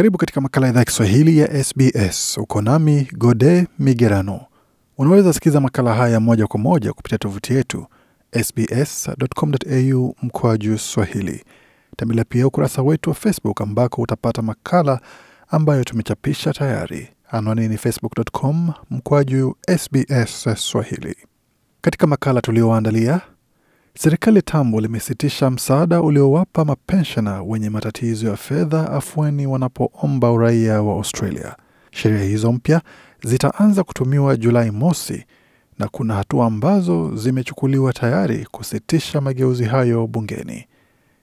Karibu katika makala ya idhaa ya Kiswahili ya SBS. Uko nami Gode Migerano. Unaweza sikiza makala haya moja kwa moja kupitia tovuti yetu sbs.com.au mkoaju swahili. Tembelea pia ukurasa wetu wa Facebook ambako utapata makala ambayo tumechapisha tayari. Anwani ni facebook.com mkoaju sbs swahili. Katika makala tulioandalia, Serikali tambo limesitisha msaada uliowapa mapenshona wenye matatizo ya fedha afueni wanapoomba uraia wa Australia. Sheria hizo mpya zitaanza kutumiwa Julai mosi na kuna hatua ambazo zimechukuliwa tayari kusitisha mageuzi hayo bungeni.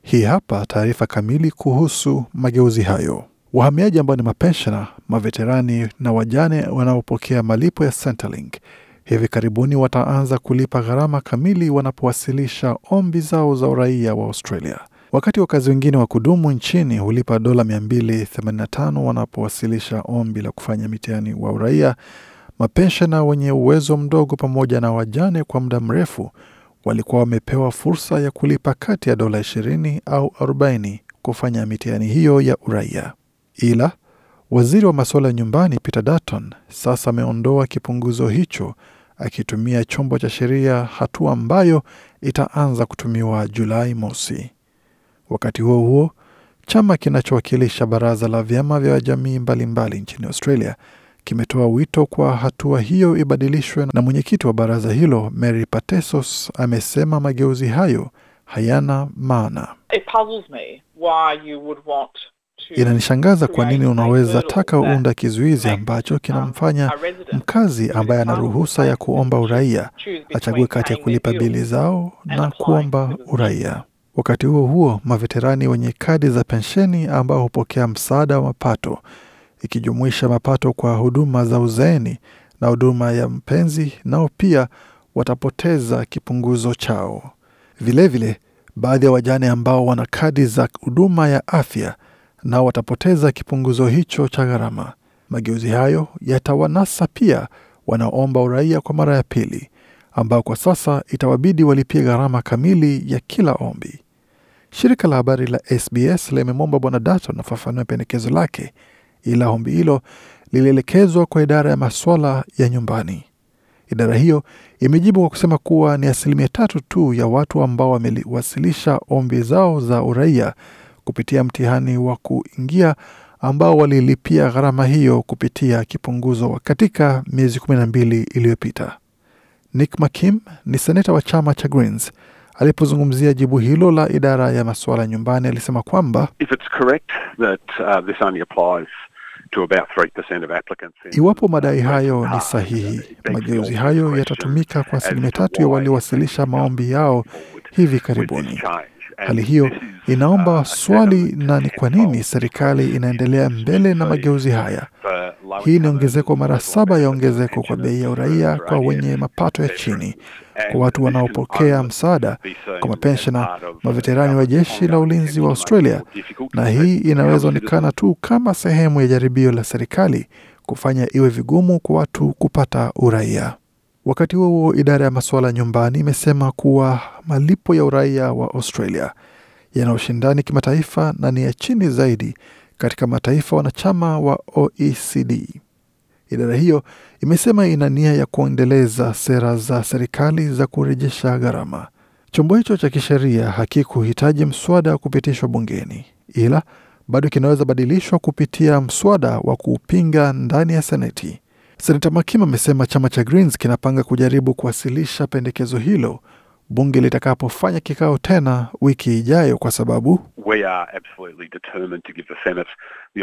Hii hapa taarifa kamili kuhusu mageuzi hayo. Wahamiaji ambao ni mapenshona, maveterani na wajane wanaopokea malipo ya Centrelink hivi karibuni wataanza kulipa gharama kamili wanapowasilisha ombi zao za uraia wa Australia. Wakati wakazi wengine wa kudumu nchini hulipa dola 285 wanapowasilisha ombi la kufanya mitihani wa uraia. Mapenshena wenye uwezo mdogo pamoja na wajane kwa muda mrefu walikuwa wamepewa fursa ya kulipa kati ya dola 20 au 40 kufanya mitihani hiyo ya uraia, ila waziri wa masuala ya nyumbani Peter Dutton sasa ameondoa kipunguzo hicho akitumia chombo cha sheria, hatua ambayo itaanza kutumiwa Julai mosi. Wakati huo huo, chama kinachowakilisha baraza la vyama vya jamii mbalimbali nchini Australia kimetoa wito kwa hatua hiyo ibadilishwe, na mwenyekiti wa baraza hilo Mary Patesos amesema mageuzi hayo hayana maana. It puzzles me why you would want Inanishangaza kwa nini unaweza taka uunda kizuizi ambacho kinamfanya mkazi ambaye ana ruhusa ya kuomba uraia achague kati ya kulipa bili zao na kuomba uraia. Wakati huo huo, maveterani wenye kadi za pensheni ambao hupokea msaada wa mapato ikijumuisha mapato kwa huduma za uzeeni na huduma ya mpenzi, nao pia watapoteza kipunguzo chao. Vilevile, baadhi ya wajane ambao wana kadi za huduma ya afya na watapoteza kipunguzo hicho cha gharama. Mageuzi hayo yatawanasa pia wanaoomba uraia kwa mara ya pili, ambao kwa sasa itawabidi walipie gharama kamili ya kila ombi. Shirika la habari la SBS limemwomba Bwana Dutton afafanue pendekezo lake, ila ombi hilo lilielekezwa kwa idara ya maswala ya nyumbani. Idara hiyo imejibu kwa kusema kuwa ni asilimia tatu tu ya watu ambao wamewasilisha ombi zao za uraia kupitia mtihani wa kuingia ambao walilipia gharama hiyo kupitia kipunguzo katika miezi 12 iliyopita. Nick McKim ni seneta wa chama cha Greens. Alipozungumzia jibu hilo la idara ya masuala nyumbani, alisema kwamba uh, iwapo madai hayo ni sahihi, mageuzi hayo yatatumika kwa asilimia tatu ya waliowasilisha maombi yao hivi karibuni. Hali hiyo inaomba uh, swali na ni kwa nini serikali inaendelea mbele na mageuzi haya. Uh, hii ni ongezeko mara saba ya ongezeko kwa bei ya uraia kwa wenye mapato ya chini, kwa watu wanaopokea msaada, kwa mapenshona, maveterani wa jeshi la ulinzi wa Australia, na hii inaweza onekana tu kama sehemu ya jaribio la serikali kufanya iwe vigumu kwa watu kupata uraia. Wakati huo huo, idara ya masuala ya nyumbani imesema kuwa malipo ya uraia wa Australia yana ushindani kimataifa na ni ya chini zaidi katika mataifa wanachama wa OECD. Idara hiyo imesema ina nia ya kuendeleza sera za serikali za kurejesha gharama. Chombo hicho cha kisheria hakikuhitaji mswada wa kupitishwa bungeni, ila bado kinaweza badilishwa kupitia mswada wa kuupinga ndani ya Seneti. Senata Makim amesema chama cha Greens kinapanga kujaribu kuwasilisha pendekezo hilo bunge litakapofanya kikao tena wiki ijayo, kwa sababu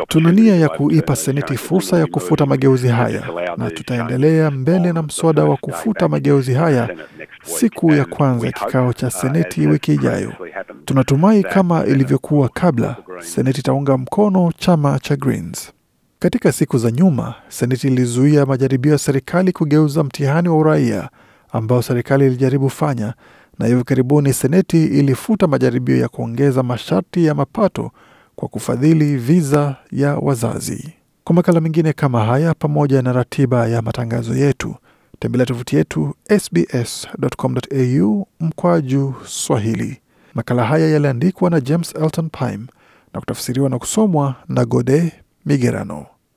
tuna nia ya kuipa seneti fursa ya kufuta mageuzi haya, na tutaendelea mbele na mswada wa kufuta mageuzi haya siku ya kwanza ya kikao cha seneti wiki ijayo. Tunatumai kama ilivyokuwa kabla, seneti itaunga mkono chama cha Greens. Katika siku za nyuma, Seneti ilizuia majaribio ya serikali kugeuza mtihani wa uraia ambao serikali ilijaribu fanya, na hivi karibuni Seneti ilifuta majaribio ya kuongeza masharti ya mapato kwa kufadhili viza ya wazazi. Kwa makala mengine kama haya, pamoja na ratiba ya matangazo yetu, tembelea tovuti yetu sbs.com.au mkwaju Swahili. Makala haya yaliandikwa na James Elton Pime na kutafsiriwa na kusomwa na Gode Migerano.